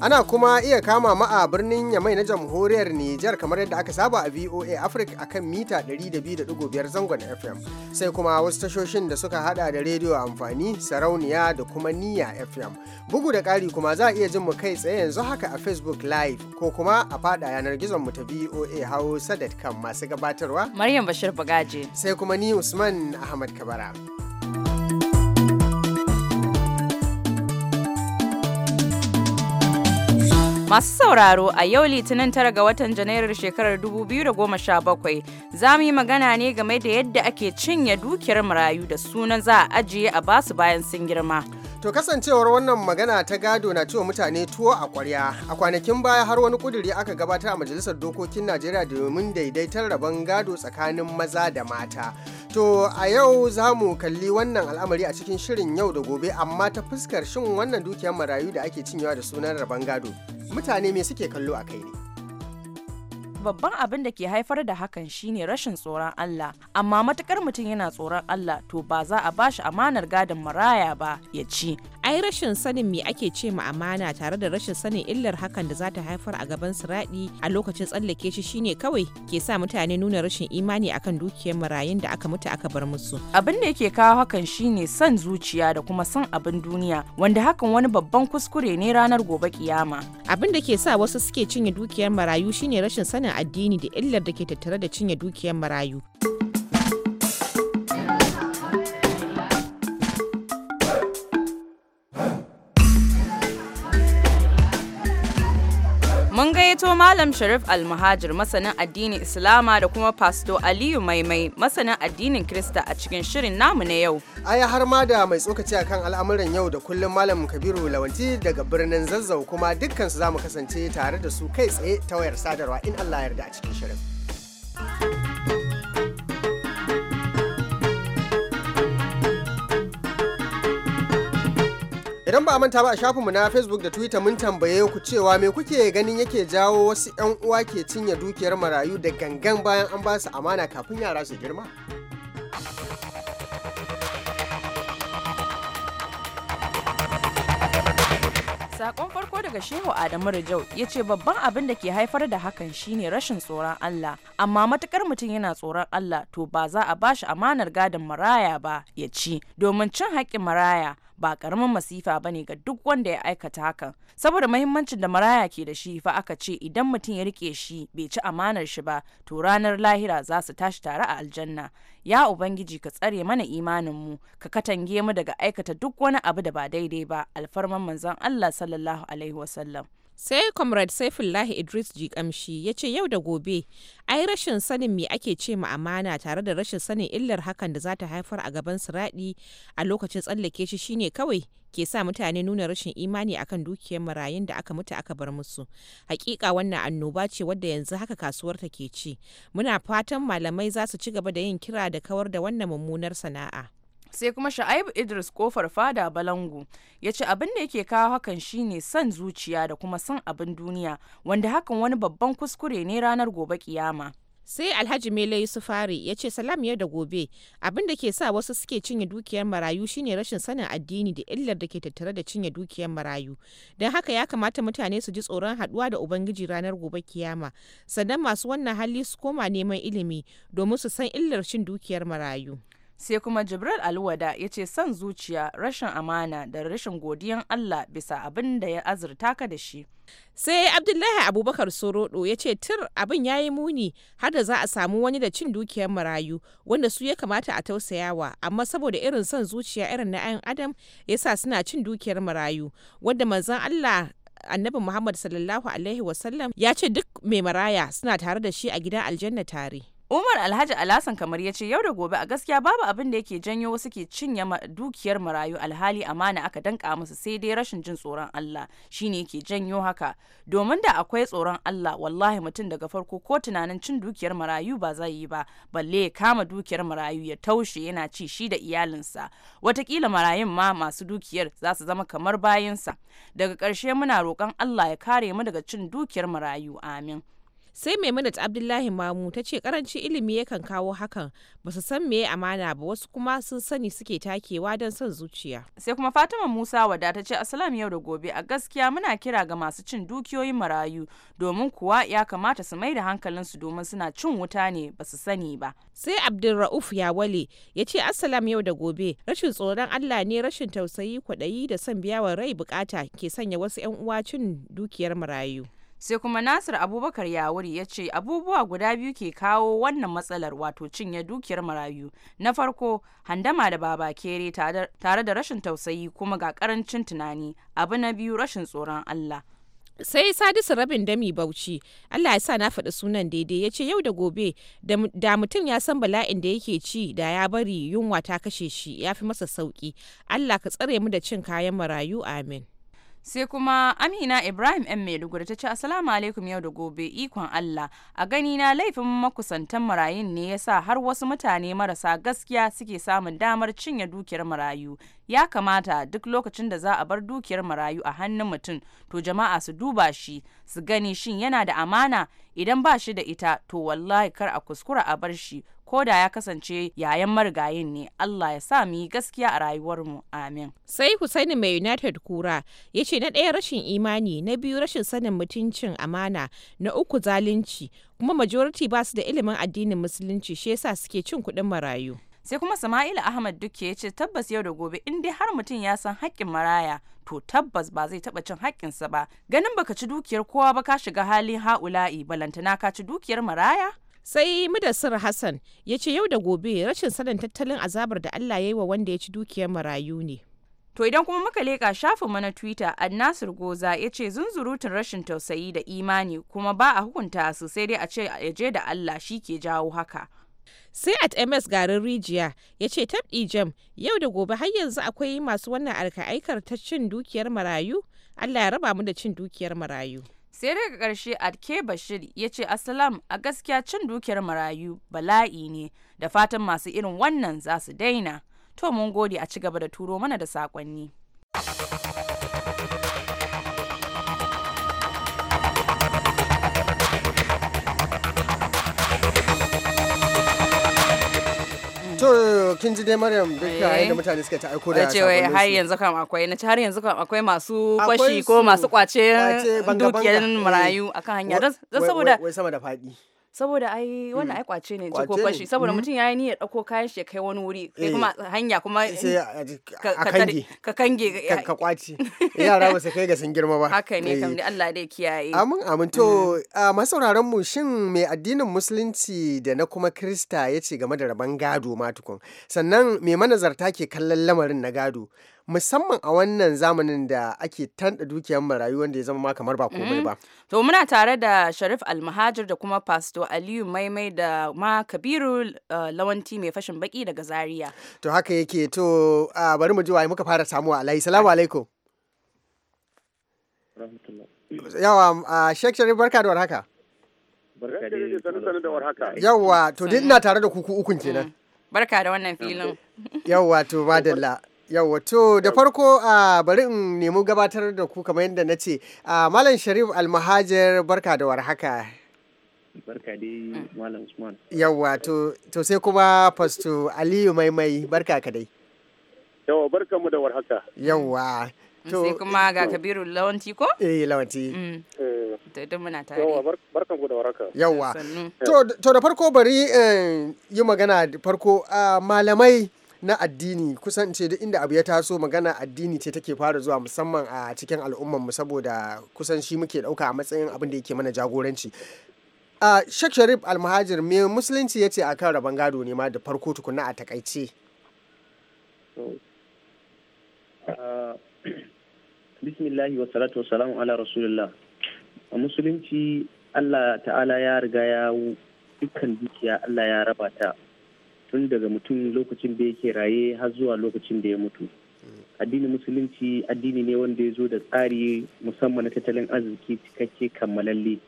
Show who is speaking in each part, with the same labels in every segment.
Speaker 1: Ana kuma iya kama ma'a a birnin Yamai na jamhuriyar Nijar kamar yadda aka saba a VOA Africa kan mita 102.5 zangon FM. Sai kuma wasu tashoshin da suka hada da rediyo amfani, sarauniya da kuma niya FM. Bugu da kari kuma za a iya jin mu kai tsaye yanzu haka a Facebook Live ko kuma a fada yanar gizon mu ta VOA Hausa.com masu gabatarwa. Maryam Bashir Bagaje. Sai kuma ni Usman
Speaker 2: Ahmad Kabara. Masu sauraro a yau litinin tara ga watan Janairar shekarar 2017 za mu yi magana ne game da yadda ake cinye dukiyar marayu da sunan za a ajiye a basu bayan sun girma. To kasancewar wannan
Speaker 1: magana ta gado na cewa mutane tuwo a kwarya a kwanakin baya har wani kuduri aka gabatar a majalisar dokokin Najeriya domin daidaitar rabon gado tsakanin maza da mata. To a yau za mu kalli wannan al'amari a cikin shirin yau da gobe amma ta fuskar shin wannan dukiyar marayu da ake cinyewa da sunan rabon gado mutane me suke kallo a kai ne.
Speaker 2: babban abin da ke haifar da hakan shine rashin tsoron Allah amma matukar mutum yana
Speaker 3: tsoron Allah to ba za a bashi amanar gadon maraya ba ya ci ai rashin sanin me ake ce ma amana tare da rashin sanin illar hakan da za ta haifar a gaban siradi a lokacin tsallake shi shine kawai ke sa mutane nuna rashin imani akan dukiyar marayun da aka mutu aka bar musu abin da yake kawo hakan shine san zuciya da kuma san abin duniya wanda hakan wani babban kuskure ne ranar gobe kiyama abin da ke sa wasu suke cinye dukiyar marayu shine rashin sanin addini da illar da ke tattare da cinye dukiyar marayu.
Speaker 2: Mun gayyato Malam Sharif Almuhajir masanin addinin Islama da kuma Pasto Aliyu Maimai masanin addinin Krista a cikin shirin namu na yau.
Speaker 1: Ai har ma da mai tsokaci akan al'amuran yau da kullum Malam Kabiru Lawanti daga birnin Zazzau kuma dukkan su mu kasance tare da su kai tsaye ta wayar sadarwa in Allah yarda a cikin shirin. Idan ba a manta ba a shafinmu na Facebook da Twitter mun tambaye ku cewa me kuke ganin yake jawo wasu 'yan uwa ke cinye dukiyar marayu da gangan bayan an ba su amana kafin yara su girma?
Speaker 2: Sakon farko daga Shehu Adamu Rijau ya ce babban abin da ke haifar da hakan shine rashin tsoron Allah, amma matukar mutum yana tsoron Allah to ba za a bashi amanar gadon maraya ba ya ci, domin cin haƙƙin maraya ba karamin masifa ba ne ga duk wanda ya aikata hakan saboda mahimmancin da maraya ke da shi fa aka ce idan mutum ya rike shi bai ci amanar shi ba to ranar lahira za su tashi tare a aljanna ya ubangiji ka tsare mana imanin mu ka katange mu daga aikata duk wani abu da ba daidai ba alfarman manzon
Speaker 3: Allah sallallahu alaihi wasallam sai comrade saifullahi idris jikamshi ya ce yau da gobe ai rashin sanin me ake ce ma amana tare da rashin sanin illar hakan da za ta haifar a gaban siradi a lokacin tsallake shi shine kawai ke sa mutane nuna rashin imani akan dukiyar marayun da aka mutu aka bar musu hakika wannan annoba ce wadda yanzu haka kasuwar ta ke ci muna fatan malamai za su ci gaba da yin kira da kawar da wannan mummunar sana'a sai kuma sha'ib idris kofar fada balangu ya ce abin da yake kawo
Speaker 2: hakan shine son zuciya da kuma son abin duniya wanda hakan wani babban kuskure ne
Speaker 3: ranar gobe kiyama sai alhaji mele fari ya ce salam yau da gobe abin da ke sa wasu suke cinye dukiyar marayu shine rashin sanin addini da illar da ke tattare da cinye dukiyar marayu don haka ya kamata mutane su ji tsoron haduwa da ubangiji ranar gobe kiyama sannan masu wannan hali su koma neman ilimi domin su san illar cin dukiyar marayu sai kuma jibril alwada ya ce son zuciya rashin amana da rashin godiyan allah bisa abin da ya azurta ka da shi sai abdullahi abubakar sorodo ya ce tur abin ya yi muni har da za a samu wani da cin dukiyar marayu wanda su ya kamata a tausayawa amma saboda irin son zuciya irin na ayan adam ya sa suna cin dukiyar marayu wanda manzon allah annabi muhammad sallallahu alaihi wasallam ya ce duk mai maraya suna tare da shi a gidan aljanna tare Umar Alhaji alhassan kamar ya ce yau da gobe a gaskiya babu abin
Speaker 2: da yake janyo wasu ke cinye dukiyar marayu alhali amana aka danka musu sai dai rashin jin tsoron Allah shine yake janyo haka domin da akwai tsoron Allah wallahi mutum daga farko ko tunanin cin dukiyar marayu ba zai yi ba balle ya kama dukiyar marayu ya taushe yana ci shi da iyalinsa watakila marayun ma masu dukiyar za su zama kamar bayinsa
Speaker 3: daga ƙarshe muna roƙon Allah ya kare mu daga cin dukiyar marayu amin. sai maimunat abdullahi mamu ta ce karanci ilimi yakan kawo hakan ba su san meye amana ba wasu kuma sun sani suke takewa don son zuciya sai kuma fatima musa wada ta ce asalam yau da
Speaker 2: gobe a gaskiya muna kira ga masu cin dukiyoyin marayu domin kuwa ya kamata su mai da
Speaker 3: hankalinsu domin suna cin wuta ne ba su sani ba sai abdulra'uf wale ya ce asalam yau da gobe rashin tsoron allah ne rashin tausayi kwaɗayi da son biyawa rai bukata ke sanya wasu 'yan uwa cin dukiyar marayu sai kuma nasir abubakar yawuri ya ce
Speaker 2: abubuwa guda biyu ke kawo wannan matsalar wato cinye dukiyar marayu na farko handama da baba kere tare da rashin tausayi kuma ga karancin tunani abu na
Speaker 3: biyu rashin tsoron allah sai sadisu rabin dami bauchi allah ya sa na faɗi sunan daidai ya ce yau da gobe da mutum ya san bala'in da yake ci da ya bari yunwa ta kashe shi ya fi masa sauki allah ka tsare mu da cin kayan marayu amin sai kuma amina ibrahim yan maiduguri ta ce assalamu alaikum yau da gobe ikon allah
Speaker 2: a gani na laifin makusantan marayun ne yasa har wasu mutane marasa gaskiya suke samun damar cinye dukiyar marayu ya kamata duk lokacin da za a bar dukiyar marayu a hannun mutum to jama'a su duba shi su gani shin yana da amana idan ba shi da ita to wallahi kar a kuskura a bar shi ko da ya kasance yayan marigayin ne
Speaker 3: Allah ya sa mu yi gaskiya a rayuwar mu amin sai hussaini mai United kura ya ce na ɗaya rashin imani na biyu rashin sanin mutuncin amana na uku zalunci kuma majority ba su da ilimin addinin musulunci shi yasa suke cin kuɗin marayu sai kuma Sama'ila
Speaker 2: Ahmad duke ya ce tabbas yau da gobe in dai har mutum ya san haƙƙin maraya to tabbas ba zai taɓa cin haƙƙinsa ba ganin baka ci dukiyar kowa ba ka shiga halin ha'ula'i balantana ka ci
Speaker 3: dukiyar maraya sai mudassir hassan ya ce yau da gobe rashin sanin tattalin azabar da allah ya yi wa wanda ya ci dukiyar marayu ne to idan kuma muka leƙa shafin mana twitter
Speaker 2: annasir goza ya ce zunzurutun rashin tausayi da imani kuma ba a hukunta su sai dai a
Speaker 3: ce ya je da allah shi ke jawo haka sai at ms garin rijiya ya ce tabdi jam yau da gobe har yanzu akwai masu wannan alka'aikar ta cin dukiyar marayu allah ya raba mu da cin dukiyar marayu
Speaker 2: sai daga ƙarshe adke bashir ya ce asalam a gaskiya cin dukiyar marayu bala'i ne da fatan masu irin wannan za su daina to mun gode a ci gaba da turo mana da saƙonni.
Speaker 1: To kin ji dai Maryam da ke eh. ayyana mutane suka ta aiko da sabon wai har
Speaker 2: yanzu kam akwai na har yanzu kam akwai masu fashi ko masu kwace dukiyar marayu akan hanya. Eh, Dan saboda wai sama da fadi. saboda ai wannan mm. ai kwace ne ko kwashi saboda mm. mutum ya yi niyyar dauko kayan shi ya kai wani wuri kai kuma eh. hanya kuma eh, ka kange ka kwace
Speaker 1: yara ba su kai ga sun girma ba haka ne kam eh.
Speaker 2: Allah dai kiyaye amin amin to
Speaker 1: mm. masauraran mu shin mai addinin musulunci da na kuma krista yace game da rabon gado ma tukun sannan mai manazarta ke kallon lamarin na gado musamman a wannan zamanin da ake tanda dukiyar marayu wanda ya zama ma kamar ba komai mm-hmm. ba.
Speaker 2: To muna tare da Sharif Almahajir da kuma Pasto Aliyu Maimai da ma Kabiru uh, Lawanti mai fashin baki daga Zaria.
Speaker 1: To haka yake to bari mu ji waye muka fara samuwa alai. Salamu alaikum. Yawa Sheikh Sharif barka da warhaka.
Speaker 2: Barka da warhaka. Yawa to duk
Speaker 1: ina tare da kuku ukun kenan. Mm.
Speaker 2: Barka da wannan filin.
Speaker 1: Yawa to madalla. Yawwa to da farko a bari in nemi gabatar da ku kamar yadda na ce Malam Sharif almahajar barka da warhaka.
Speaker 4: Barka dai Malam Usman.
Speaker 1: Yawwa to sai kuma Fasto Aliyu Maimai barka ka dai.
Speaker 4: Yawwa barka mu da warhaka.
Speaker 1: Yawwa.
Speaker 4: Mm, to sai kuma ga
Speaker 1: Kabiru
Speaker 2: Lawanti ko? Eh Lawanti. Mm. Eh. da muna tare. Yawwa barka ku da warhaka Yawwa. To
Speaker 1: da farko bari eh, yi magana farko malamai na addini kusan ce duk inda abu ya taso magana addini ce take fara zuwa musamman a cikin al'ummar mu saboda kusan shi muke ɗauka a matsayin abin da yake mana jagoranci a shek Sharif Almahajir me musulunci yace kan rabon gado ne ma da farko tukunna a takaice
Speaker 5: bismillahi wa salatu wa salamu ala rasulullah a musulunci Allah ta'ala ya riga ya dukkan dukiya Allah ya raba ta tun daga mutum lokacin da yake raye har zuwa lokacin da ya mutu addinin musulunci addini ne wanda ya zo da tsari musamman na tattalin arziki cikakke kammalalle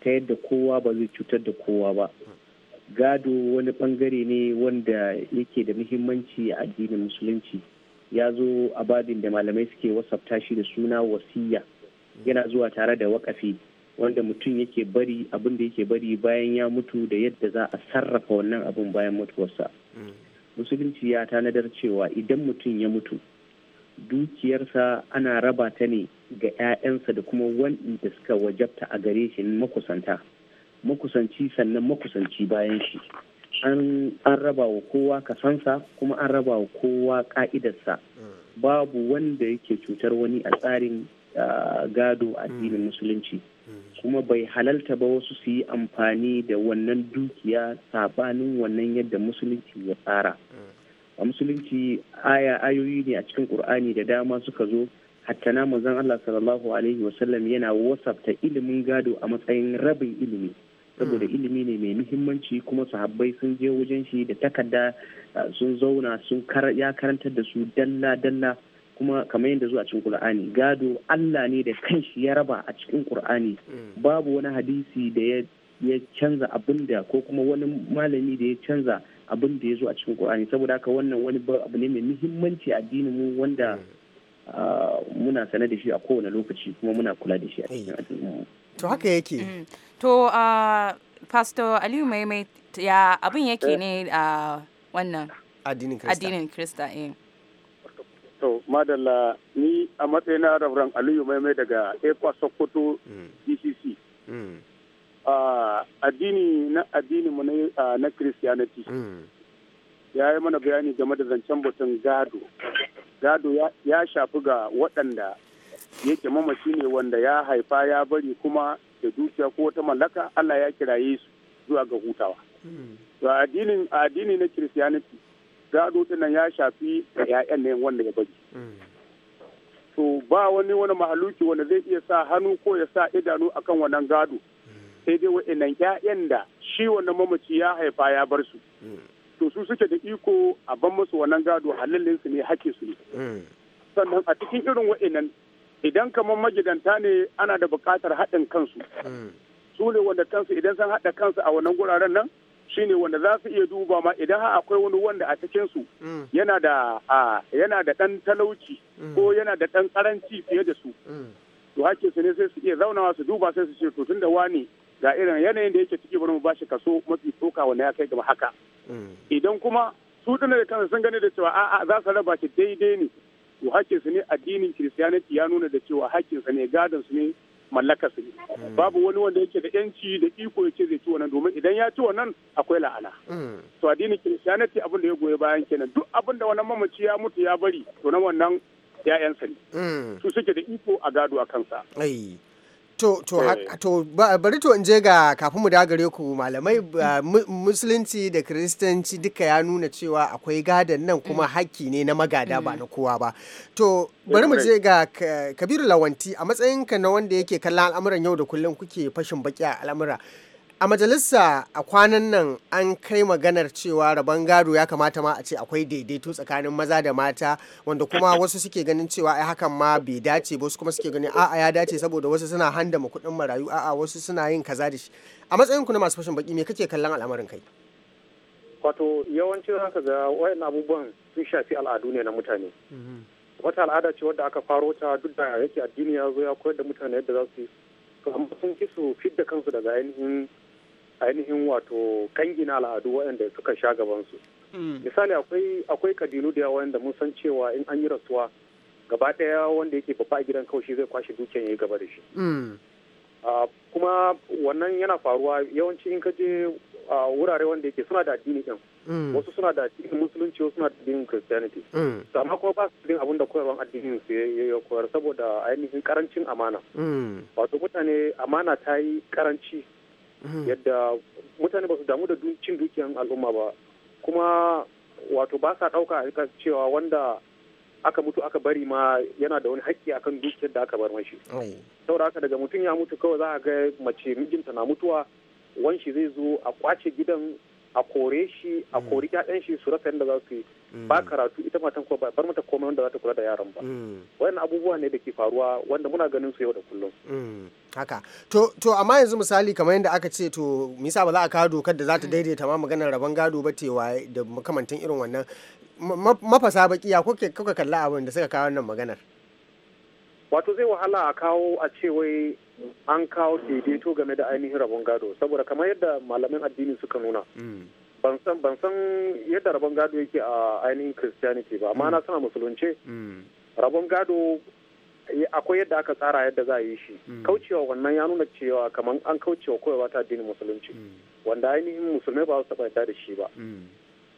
Speaker 5: ta yadda kowa ba zai cutar da kowa ba gado wani bangare ne wanda yake da muhimmanci a addinin musulunci ya zo a badin da malamai suke wasafta shi da suna wasiya yana zuwa tare da wakafi wanda mutum yake bari abin da yake bari bayan ya mutu da yadda za a sarrafa wannan abin bayan mutuwarsa musulunci ya tanadar cewa idan mutum ya mutu dukiyarsa ana raba ta ne ga 'ya'yansa da kuma wanda suka wajabta a gare shi makusanta makusanci sannan makusanci bayan shi an raba wa kowa kasansa kuma an raba wa kowa ka'idarsa babu wanda yake cutar wani a tsarin ah, gado addinin musulunci. kuma bai halalta ba wasu su yi amfani da wannan dukiya sabanin wannan yadda musulunci ya tsara a musulunci aya ayoyi ne a cikin qur'ani da dama suka zo hattana manzon Allah sallallahu alaihi wasallam yana wasafta ilimin gado a matsayin rabin ilimi saboda ilimi ne mai muhimmanci kuma sahabbai sun je wajen shi da takarda sun zauna sun ya karantar da su dalla dalla kuma kamar yadda zuwa cikin Kur'ani gado Allah ne da kanshi ya raba a cikin Kur'ani mm. babu wani hadisi da ya canza abin da ko kuma wani malami da ya canza abin da ya zo a cikin Kur'ani saboda haka wannan wani abu ne mai muhimmanci addinin mu wanda mm. muna sane da shi a kowane lokaci kuma muna kula da shi a
Speaker 1: To haka yake. Mm.
Speaker 2: To Pastor Aliyu Maimai ya abin yake eh. ne a wannan
Speaker 4: addinin
Speaker 2: Krista. eh.
Speaker 4: To, madalla ni a matsayina Rabran Aliyu Maimai daga Ekwa Sokoto mm. DCC. Mm. Addini na addini mu na Christianity. Mm. Ya yi mana bayani game da zancen batun gado. Gado ya shafi ga waɗanda yake mamaci ne wanda ya haifa ya bari kuma da dukiya ko wata mallaka Allah ya kiraye su zuwa ga hutawa. To, addini na Christianity gado dinnan ya shafi da ƴaƴan ne wanda ya bari to ba wani wani mahaluki wanda zai iya sa hannu ko ya sa idanu akan wannan gado sai dai wa'annan 'ya'yan da shi wannan mamaci ya haifa ya bar su to su suke da iko a ban musu wannan gado halallin su ne hake su ne sannan a cikin irin wa'annan idan kamar magidanta ne ana da buƙatar haɗin kansu su ne wanda kansu idan sun haɗa kansu a wannan guraren nan shine wanda za su iya duba ma idan ha akwai wani wanda a cikinsu mm. yana da yana da ɗan talauci mm. ko yana da ɗan karanci fiye da su mm. to hakkin su ne sai su iya zaunawa su duba sai su ce to tun da wani ga irin yanayin da yake ciki bari mu bashi kaso mafi tsoka wanda ya kai gaba haka idan kuma su dinar da kansu sun gani da cewa a'a za su raba shi daidai ne to hakkin su ne addinin kiristiyaniti ya nuna da cewa hakkin su ne gadon su ne mallaka su hmm. babu wani wanda yake da yanci da iko yake zai ci wannan domin idan ya ci wannan akwai la'ana hmm. to addinin kiristiyaniti abin da ya goye bayan kenan duk abin da wannan mamaci ya mutu ya bari to na wannan ya'yansa ne hmm. su suke da iko a gado a kansa
Speaker 1: To, to, eh. bari to in je ga kafin mu dagare ku malamai musulunci da kiristanci duka ya nuna cewa akwai gadon nan kuma mm. hakki ne na magada ba mm. na kowa ba. To, eh, bari mu je ga Kabiru Lawanti a matsayinka na wanda yake kallon al'amuran yau da kullum kuke fashin baki a al'amura. a majalisa a kwanan nan an kai maganar cewa rabon gado ya kamata ma a ce akwai daidaito tsakanin maza da mata wanda kuma wasu suke ganin cewa ai hakan ma bai dace ba wasu kuma suke ganin a'a ya dace saboda wasu suna handama kuɗin marayu a wasu suna yin kaza da shi a matsayin ku na masu fashin baki me kake kallon al'amarin kai
Speaker 6: wato yawancin haka ga wayan abubuwan sun shafi al'adu ne na mutane mm-hmm. wata al'ada ce wadda aka faro ta duk da yake addini ya zo ya koyar da mutane yadda za su yi amma sun ki su fidda kansu daga ainihin ainihin wato kangina al'adu waɗanda suka sha gabansu hmm. misali akwai akwai kadinu da yawa wanda mun san cewa in an yi rasuwa gaba ɗaya wanda yake babba a gidan kaushi zai kwashe dukiyan ya yi gaba da shi hmm. kuma wannan yana faruwa yawanci in ka je a wurare wanda yake suna da addini ɗin hmm. wasu suna da addinin musulunci wasu suna da addinin christianity amma kuma ba su din abin da koyarwan addinin su ya koyar saboda ainihin karancin amana wato mutane amana ta yi karanci yadda mutane ba su damu da cin dukiyan al'umma ba kuma wato ba sa ɗauka a cewa wanda aka mutu aka bari ma yana da wani haƙƙi akan dukiyar da aka bar mashi saboda haka daga mutum ya mutu kawai za a ga mace mijinta na mutuwa wanshi zai zo a kwace gidan a kore shi a mm. kori ƴaƴan shi su rasa yadda za su yi mm. ba karatu ita matan ko ba bar mata komai wanda za ta kula da yaran
Speaker 7: ba
Speaker 1: mm.
Speaker 6: wannan abubuwa ne da ke faruwa wanda muna ganin su yau da kullum
Speaker 1: haka to amma yanzu misali kamar yadda aka ce to misa ba za a kawo dokar da za ta daidaita ma maganar rabon gado ba tewa da makamantan irin wannan mafasa bakiya kuka kalla abin da suka kawo wannan maganar
Speaker 6: wato zai wahala a kawo a ce wai an kawo daidaito game da ainihin rabon gado saboda kamar yadda malamin addini suka nuna mm. ban san yadda rabon gado yake a ainihin christianity ba amma mm. na sana musulunce mm. rabon gado akwai yadda aka tsara yadda za a yi shi hmm. kaucewa wannan ya nuna cewa kamar an kaucewa koyarwa ta addinin musulunci hmm. wanda ainihin musulmai ba su taɓa yarda da shi ba hmm.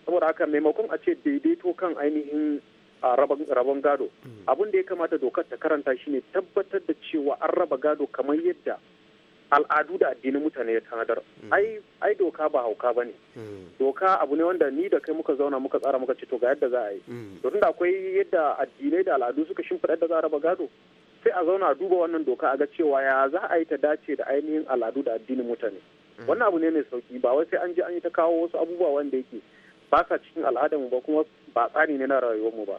Speaker 6: saboda haka maimakon a ce daidaito kan ainihin a rabon gado abin da ya kamata dokar ta karanta shine tabbatar da cewa an raba gado kamar yadda al'adu da addinin mutane ya tanadar hmm. ai doka ba hauka ba ne hmm. doka abu ne wanda ni da kai muka zauna muka tsara muka ce to ga yadda za a yi hmm. to tunda akwai yadda addinai da al'adu suka shimfiɗa da za a raba gado sai a zauna a duba wannan doka a ga cewa ya za a yi ta dace da ainihin al'adu da addinin mutane wannan abu ne mai sauki ba wai sai an je an yi ta kawo wasu abubuwa wanda yake ba sa cikin al'adarmu ba kuma ba tsari ne na rayuwarmu ba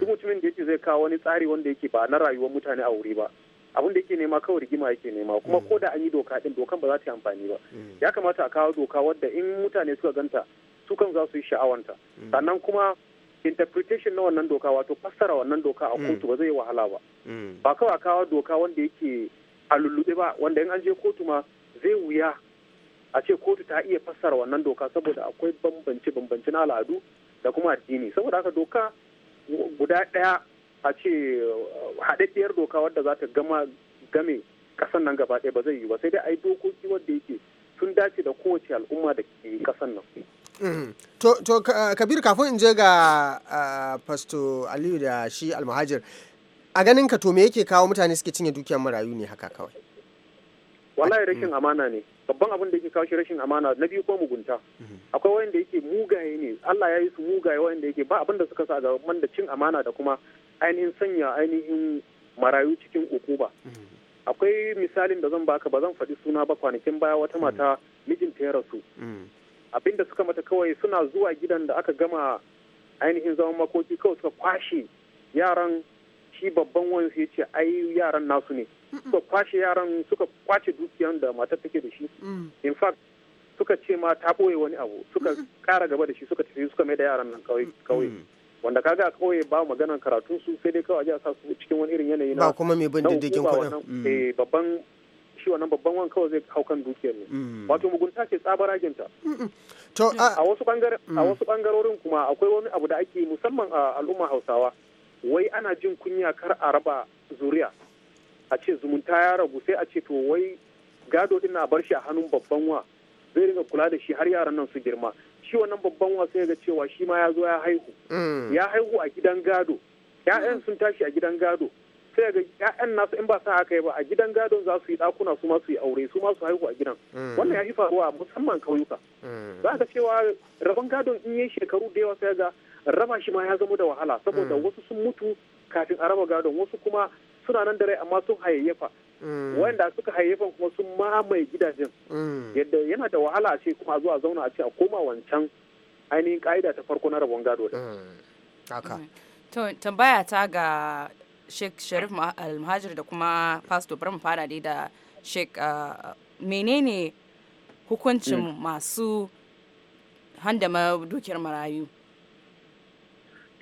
Speaker 6: duk mutumin da yake zai kawo wani tsari wanda yake ba na rayuwar mutane a wuri ba abin da yake nema kawai rigima yake nema kuma mm. ko da an yi doka din dokan ba za ta yi amfani ba mm. ya kamata a kawo doka wadda in mutane suka ganta su kan za su yi sha'awanta mm. sannan kuma interpretation na wannan doka wato fassara wannan doka a kotu ba zai yi wahala ba ba kawai a kawo doka wanda yake a lullube ba wanda in an je kotu ma zai wuya a ce kotu ta iya fassara wannan doka saboda akwai bambance bambance na al'adu da kuma addini saboda haka doka guda ɗaya a ce uh, haɗaɗɗiyar doka wadda za ta gama game kasan nan gaba ɗaya ba zai yi ba sai dai ai dokoki wadda yake sun dace da kowace al'umma da ke kasan nan.
Speaker 1: Mm. To, Kabir kafin in je ga uh, Pasto Aliyu da shi almahajir, a ganin ka to me yake kawo mutane suke cinye dukiyar marayu ne haka kawai?
Speaker 6: Wallahi mm. rashin amana ne. babban abin da yake kawo shi rashin amana na biyu ko mugunta akwai wanda yake mugaye ne Allah ya yi su mugaye wanda yake ba abin da suka sa ga da cin amana da kuma ainihin sanya ainihin marayu cikin ukuba akwai misalin da zan baka ba zan faɗi suna ba kwanakin baya wata mata mijinta ya rasu abinda suka mata kawai suna zuwa gidan da aka gama ainihin zaman makoki kawai suka kwashe yaran shi babban wani sai ce ai yaran nasu ne suka kwashe yaran suka kwace dukiyar da matar take da shi mm. in fact suka ce ma ta ɓoye wani abu suka kara gaba da shi suka tafi suka mai da yaran nan kawai mm. mm. wanda kaga a kauye ba maganar karatun su sai dai kawai a sa su cikin wani irin yanayi na ba kuma mai bin diddigin kuɗin eh, babban shi wannan babban wani kawai zai hau kan dukiyar ne wato mugunta ce aginta a wasu bangarorin kuma akwai wani abu da ake musamman a al'umma hausawa wai ana jin kunya kar a raba zuriya a ce zumunta ya ragu sai a ce to wai gado din na bar shi a hannun babban wa zai ringa kula da shi har yaran nan su girma shi wannan babban wa sai ga cewa shi ma ya zo ya haihu mm. ya haihu a gidan gado ya'yan sun tashi a gidan gado sai ga ya'yan nasu in ba sa haka ba a gidan gadon za su yi dakuna su ma su yi aure su ma su haihu a gidan mm. wannan ya fi faruwa musamman kauyuka
Speaker 7: mm. za ka
Speaker 6: cewa rabon gadon in yi shekaru da yawa sai ga raba shi ma ya zama da wahala saboda mm. wasu sun mutu kafin a raba gadon wasu kuma suna nan da rai amma sun hayayyafa
Speaker 7: mm. wanda
Speaker 6: suka hayyafa kuma sun mamaye gidajen
Speaker 7: mm. yadda
Speaker 6: yana da wahala a ce kuma zuwa zauna a ce a koma wancan ainihin ka'ida ta farko na rabon gado
Speaker 7: da
Speaker 2: to tambaya ta ga Sheikh Sharif Almahajir da kuma Pastor Bram fara dai da Sheikh ah, menene hukuncin masu handama dukiyar marayu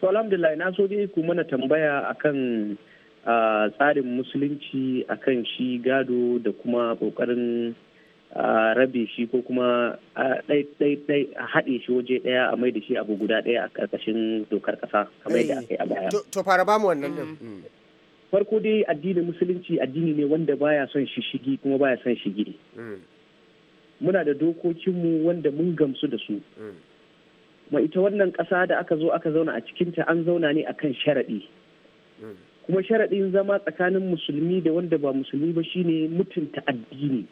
Speaker 5: to alhamdulillah na so dai ku mana tambaya akan tsarin musulunci akan shi gado da kuma kokarin rabe shi ko kuma a haɗe shi waje ɗaya a mai da shi abu guda ɗaya a ƙarƙashin dokar ƙasa kamar yadda aka yi a baya. To fara ba mu wannan din.
Speaker 1: Mm. Farko dai addinin musulunci addini
Speaker 5: ne wanda baya son shishigi kuma baya son shigiri. Mm. Muna da dokokinmu wanda mun gamsu da su. Mm. kuma ita wannan ƙasa da aka zo aka zauna a cikinta an zauna ne akan sharaɗi kuma sharaɗin zama tsakanin musulmi da wanda ba musulmi ba shine mutunta addini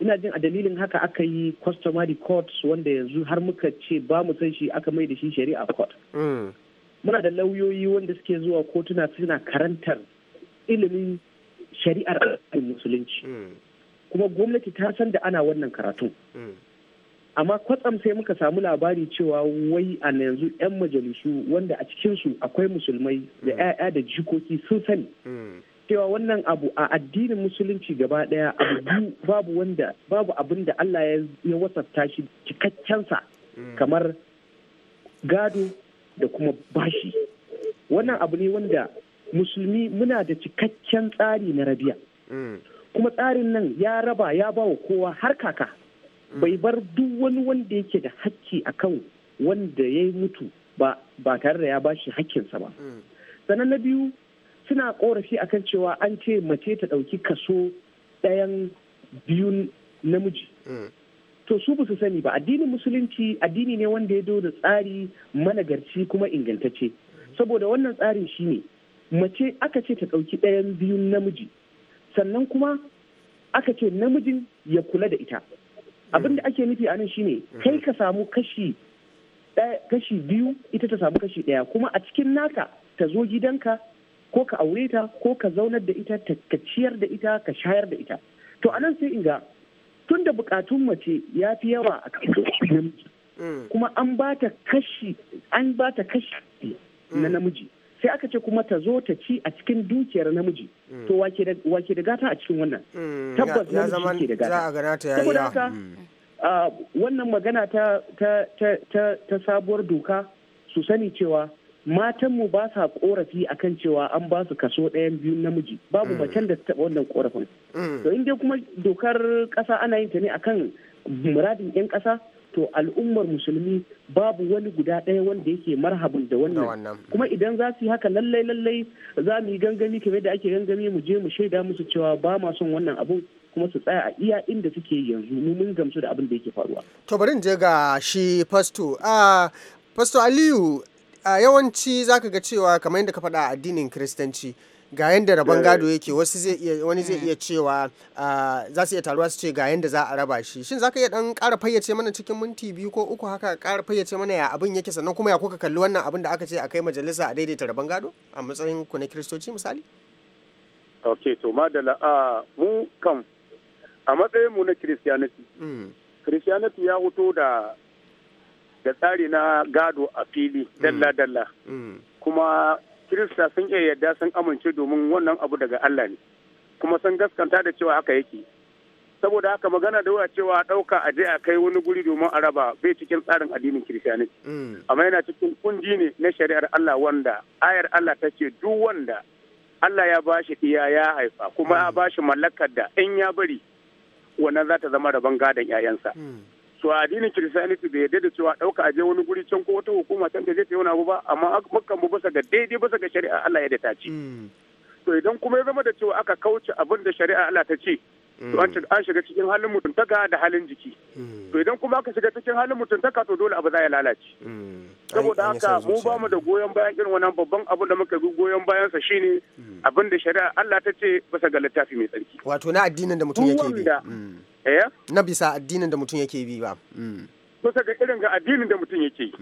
Speaker 5: ina jin a dalilin haka aka yi customary court wanda yanzu har muka ce ba mu san shi aka mai da shi shari'a court
Speaker 7: muna
Speaker 5: da lauyoyi wanda suke zuwa kotuna suna karantar ilimin shari'ar musulunci kuma gwamnati ta san da ana wannan karatu amma kwatsam sai muka samu labari cewa wai a yanzu 'yan majalisu wanda a cikinsu akwai musulmai da 'ya'ya hmm. da jikoki sun sani hmm. cewa wannan abu a addinin musulunci gaba daya abu babu wanda babu abin da Allah ya wasafta shi cikakkensa hmm. kamar gado da kuma bashi wannan abu ne wanda musulmi muna da cikakken tsari na rabiya kuma tsarin nan ya raba ya bawa kowa har kaka Mm. bai bar duk wani wanda yake da hakki akan wanda ya yi mutu ba tare da ya ba bashi hakkinsa ba mm. sannan na biyu suna korafi akan cewa an ce mace ta ɗauki kaso ɗayan biyun namiji mm. to su basu sani ba addinin musulunci addini ne wanda ya da tsari managarci kuma ingantacce saboda wannan tsarin shine mace aka ce ta ɗauki ɗayan biyun namiji sannan kuma aka ce namijin ya kula da ita abin da ake nufi anan shine kai ka samu kashi kashi biyu ita ta samu kashi daya kuma a cikin naka ta zo gidanka ko ka aure ta ko ka zaunar da ita ka ciyar da ita ka shayar da ita to anan sai inga ga tun da bukatun mace ya fi yawa a namiji mm. kuma an ba ta kashi na namiji sai aka ce kuma ta zo ta ci a cikin dukiyar namiji mm. to wake da gata a cikin wannan
Speaker 7: mm,
Speaker 1: tabbas namiji ke da gata saboda haka mm.
Speaker 5: wannan magana ta sabuwar doka su sani cewa matanmu ba sa korafi akan cewa an ba su kaso ɗayan biyu namiji babu macen da ta taɓa wannan korafin to in dai kuma dokar ƙasa ana yin ta ne akan muradin 'yan ƙasa to al'ummar musulmi babu wani guda ɗaya wanda yake marhabun da
Speaker 1: wannan
Speaker 5: kuma idan za su yi haka lallai lallai za mu yi gangami kamar da ake gangami mu je mu shaida musu
Speaker 1: cewa ba ma son wannan abun kuma su tsaya a iya inda suke yanzu mu mun gamsu da abin da yake faruwa to bari in je ga shi fasto a fasto aliyu yawanci yawanci zaka ga cewa kamar yadda ka faɗa addinin kiristanci ga yadda rabon gado yake wasu wani zai iya cewa ah, za su iya taruwa su ce ga yadda za a raba shi shin ka iya dan ƙara fayyace mana cikin minti biyu ko uku haka ƙara fayyace mana ya abin yake sannan kuma ya kuka kalli wannan abin da aka ce a kai majalisa a daidaita rabon gado a matsayin ku na kiristoci misali
Speaker 4: ok to madala a ah, mu kan a matsayin mu na kiristiyaniti hmm. kiristiyaniti ya fito da tsari na gado a fili dalla-dalla hmm. Hmm. kuma kirista sun iya yarda sun amince domin wannan abu daga Allah ne kuma sun gaskanta da cewa haka yake saboda haka magana da yawa cewa ɗauka a je a kai wani guri domin a raba bai cikin tsarin addinin kiristiyani mm. amma yana cikin kundi ne na shari'ar Allah wanda ayar Allah ta ce duk wanda Allah ya bashi iya ya haifa kuma ya mm. bashi mallakar da in ya bari wannan za ta zama rabon gadon 'ya'yansa. Mm. to addinin kiristaniti bai yarda da cewa ɗauka je wani guri can ko wata hukuma can da zai tayi wani abu ba amma mukan mu basa ga daidai bisa ga shari'a Allah ya da ta ce mm. to idan kuma ya zama da cewa aka kauce abin da shari'a Allah ta ce Mm. to an shiga cikin halin mutuntaka da halin jiki mm. to idan kuma aka shiga cikin halin mutuntaka to dole abu za ya lalace mm. saboda haka mu ba mu da goyon bayan irin wannan babban abu da muka bi goyon bayan sa shine abin da shari'a Allah ta ce bisa ga littafi mai tsarki
Speaker 1: wato na addinin da mutum yake bi eh? na bisa addinin da mutum yake bi ba
Speaker 4: bisa ga irin ga addinin da mutum yake yi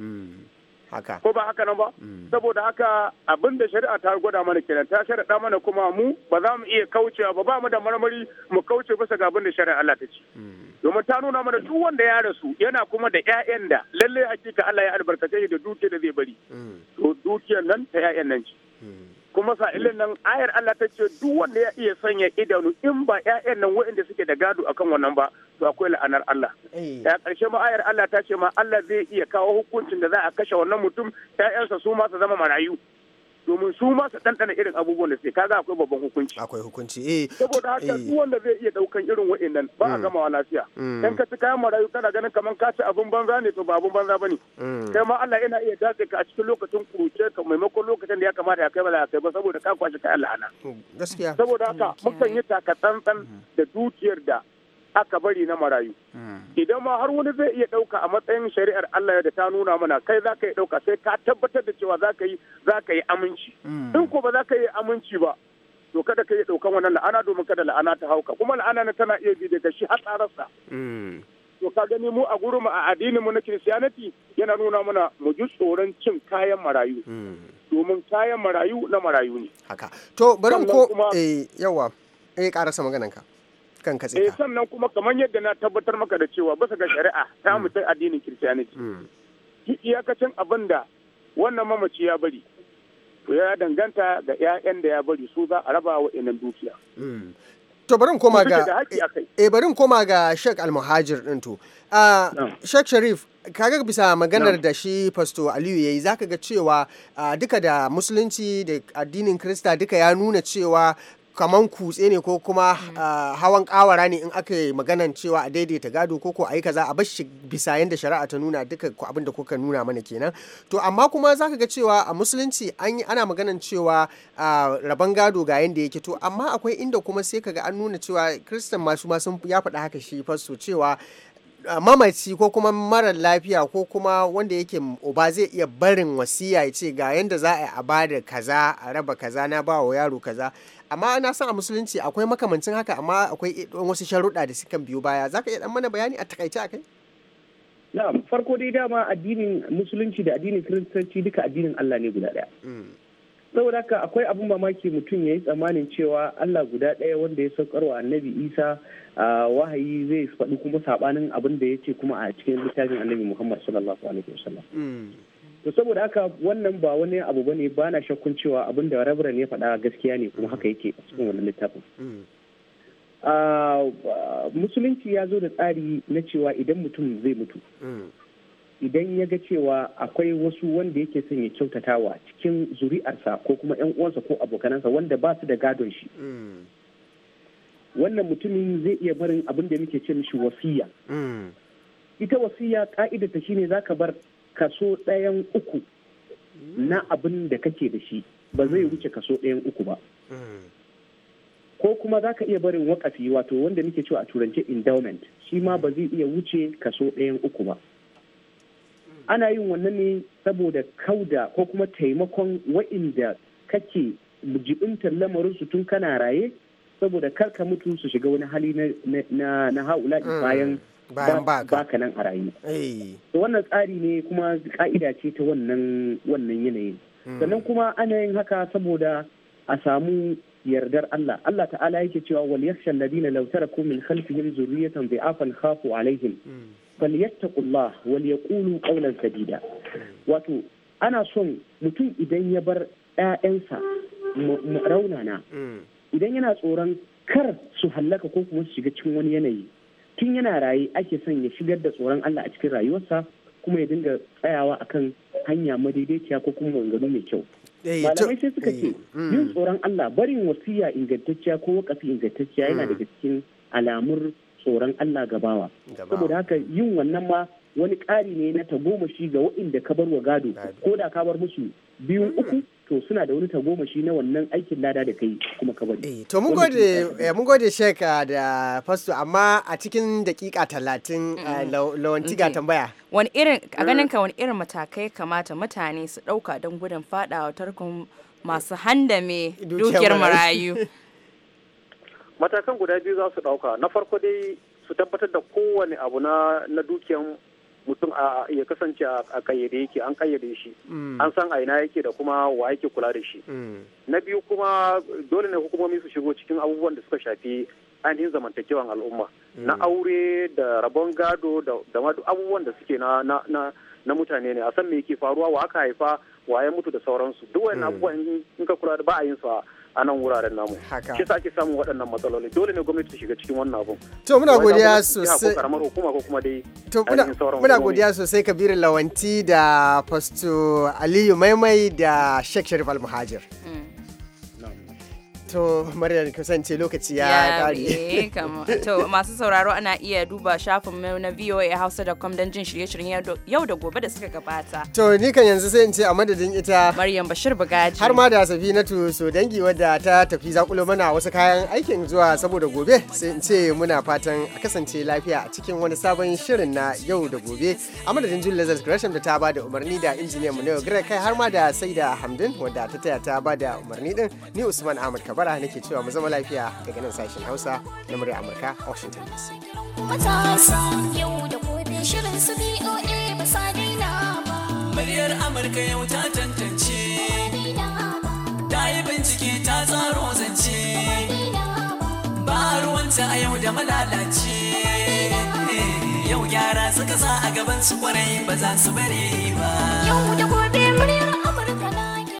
Speaker 4: ko ba haka nan ba mm. saboda haka abin da shari'a ta gwada mana kenan ta shari'a mana kuma mu ba za mu iya kaucewa ba ba mu da marmari mu kauce bisa ga abin da shari'a Allah ta ce mm. domin ta nuna mana duk wanda ya rasu yana kuma da ƴaƴan da lalle hakika Allah ya albarkace shi da dukiyar da zai bari mm. to dukiyar nan ta ƴaƴan nan ce kuma sa'ilin mm. nan ayar Allah ta ce duk wanda ya iya sanya idanu in ba 'ya'yan nan waɗanda suke da gado akan wannan ba to akwai la'anar Allah. Eh. Ya karshe ma ayar Allah ta ce ma Allah zai iya kawo hukuncin da za a kashe wannan mutum 'ya'yansa su ma su zama marayu. domin su ma su ɗanɗana irin abubuwan da suke kaga akwai babban hukunci akwai hukunci eh saboda haka su eh. wanda zai iya daukan irin wa'annan ba a mm. gamawa lafiya mm. dan ka ci kayan marayu kana ganin kaman ka ci abun banza ne to ba abun banza bane mm. kai ma Allah yana iya dace ka a cikin lokacin kuruce ka maimakon lokacin da ya kamata ya kai ba ya kai ba saboda ka kwashi kayan lahana gaskiya saboda haka mukan yi takatsantsan da dukiyar da aka bari na marayu hmm. idan ma har wani zai iya ɗauka a matsayin shari'ar Allah da ta nuna mana kai za ka yi ɗauka sai ka tabbatar da cewa za ka yi aminci hmm. in ko ba za ka yi aminci ba to kada ka yi ɗaukan wannan la'ana domin kada la'ana ta hauka kuma la'ana na tana iya bi daga shi har hmm. to ka gani mu a gurin a addinin mu na kiristiyaniti yana nuna mana mu ji tsoron cin kayan marayu domin kayan marayu na marayu ne haka to bari ko eh
Speaker 1: yawa eh karasa maganan ka kan ka tsika.
Speaker 4: Eh sannan kuma kamar yadda na tabbatar maka da cewa bisa ga shari'a ta hmm. mu ta addinin Kiristiyaniti. Hmm. Duk iyakacin abin da wannan mamaci ya bari to ya danganta ga 'ya'yan da ya bari su za a raba wa inan dukiya.
Speaker 1: Hmm. To barin koma ga eh barin koma ga Sheikh Almuhajir din to. Ah, Sheikh Sharif kaga bisa maganar da shi fasto Aliyu ya yayi zaka ga cewa ah, duka da musulunci da addinin Krista duka ya nuna cewa kaman kutse ne ko kuma mm. ah, hawan kawara ne in aka yi maganan cewa a daidaita gado ko ko a yi kaza a bashi shi bisa yadda shari'a ta nuna duka abin da kuka nuna mana kenan to amma kuma zaka ga cewa a musulunci an ana maganan cewa ah, rabon gado ga yadda yake to amma akwai inda kuma sai kaga an nuna cewa kristan masu ma ya faɗa haka shi fasto cewa ah, mamaci ko kuma marar lafiya ko kuma wanda yake uba zai iya barin wasiya ya ce ga yadda za a yi a bada kaza a raba kaza na bawa yaro kaza amma na san a musulunci akwai makamancin haka amma akwai wasu sharuɗa da sukan biyu baya za ka iya dan mana bayani a takaice a akai na farko dai dama addinin musulunci da addinin kiristanci duka addinin Allah ne guda ɗaya
Speaker 7: mm.
Speaker 5: saboda haka akwai abin mamaki mutum ya yi tsammanin cewa Allah guda ɗaya wanda ya saukarwa annabi Isa wahayi zai faɗi kuma saɓanin abin da ya ce kuma a cikin littafin annabi Muhammad sallallahu alaihi wasallam
Speaker 7: mm.
Speaker 5: to saboda haka wannan ba wani abu ba ne ba na shakkun cewa abin da rabran ya faɗa gaskiya ne kuma haka yake a cikin wannan littafin mm. ah, musulunci ya zo da tsari na cewa idan mutum zai mutu mm. idan ya ga cewa akwai wasu wanda yake son ya kyautatawa cikin zuri'arsa ko kuma 'yan uwansa ko abokanansa wanda ba su da gadon shi mm. wannan mutumin zai iya barin abin da muke ce mishi wasiya ita wasiya ka'idata shine ka bar kaso ɗayan uku na abin da kake da shi ba zai hmm. wuce kaso ɗayan uku ba hmm. ko kuma za ka iya barin wakafi wato wanda nike cewa a turance endowment shi ma ba zai iya wuce kaso ɗayan uku
Speaker 7: ba hmm.
Speaker 5: ana yin wannan ne saboda kauda ko kuma taimakon wa'inda kake jibintar lamarinsu tun kana raye saboda kar ka mutu su shiga wani hali na haula bayan bayan ba ka nan a rayu eh. wannan tsari ne kuma ka'ida ce ta wannan wannan yanayin hmm. sannan kuma ana yin haka saboda a samu yardar Allah Allah ta'ala yake cewa wal yakhshal ladina law taraku min khalfihim zurriyatan dha'afan khafu alaihim hmm. falyattaqullah wal yaqulu qawlan sadida
Speaker 7: hmm.
Speaker 5: wato ana son mutum idan ya bar ƴaƴansa na. idan yana tsoron kar su hallaka ko kuma su shiga cikin wani yanayi tun yana raye ake son ya shigar da tsoron Allah a cikin rayuwarsa kuma ya dinga tsayawa akan hanya madaidaiciya ko kuma maganganu mai kyau
Speaker 7: eh, malamai sai suka eh, ce mm. yin
Speaker 5: tsoron Allah barin wasiya ingantacciya ko wakafi ingantacciya yana mm. daga cikin alamun tsoron Allah gabawa saboda haka yin wannan ma wani ƙari ne na tagomashi ga waɗanda ka bar wa gado ko da ka bar musu biyun hmm. uku to suna da wani tagomashi na wannan aikin lada da kai kuma ka bari. Eh, to mun gode
Speaker 1: eh, mun gode sheka eh, da fasto amma a cikin dakika talatin mm. lawanti ga tambaya.
Speaker 2: wani irin a hmm. ganin ka wani irin matakai kamata mutane su ɗauka don gudun fadawa tarkon masu handame dukiyar marayu.
Speaker 6: matakan guda biyu za su ɗauka na farko dai su tabbatar da kowane abu na dukiyar mutum ya kasance a kayyade yake an kayyade shi mm. an san a ina yake da kuma wa yake kula da shi mm. na biyu kuma dole ne hukumomi su shigo cikin abubuwan da suka shafi ainihin zamantakewan al'umma na mm. aure da rabon gado da madu abubuwan da suke na mutane ne a san me yake faruwa wa aka haifa wa ya mutu da sauransu duk wannan abubuwan in ka kula da ba a yin su a nan wuraren namu shi sa ake samun waɗannan matsaloli dole ne gwamnati ta shiga cikin wannan abun to muna godiya sosai karamar hukuma ko kuma dai
Speaker 1: to muna godiya sosai kabiru lawanti da fasto aliyu maimai da shek sharif almuhajir mm. To Maryam kasance lokaci ya
Speaker 2: To masu sauraro ana iya duba shafin mu na voahausa.com don jin shirye-shiryen yau da gobe da suka gabata.
Speaker 1: To ni kan yanzu sai in ce a madadin ita Maryam Bashir
Speaker 2: Bugaji. Har ma
Speaker 1: da Safinatu tuso dangi wadda ta tafi zakulo mana wasu kayan aikin zuwa saboda gobe sai in ce muna fatan a kasance lafiya a cikin wani sabon shirin na yau da gobe. A madadin jin Lazarus Gresham da ta ba da umarni da injiniyan mu na gira kai har ma da Saida Hamdin wadda ta taya ta ba da umarni din ni Usman Ahmad kabara nake cewa mu zama lafiya daga nan sashen hausa na murya amurka washington dc
Speaker 7: muryar amurka yau ta tantance
Speaker 2: ta yi bincike ta tsaro zance ba ruwanta a yau da malalace yau gyara suka sa a gaban su kwarai ba za su bare ba yau da gobe muryar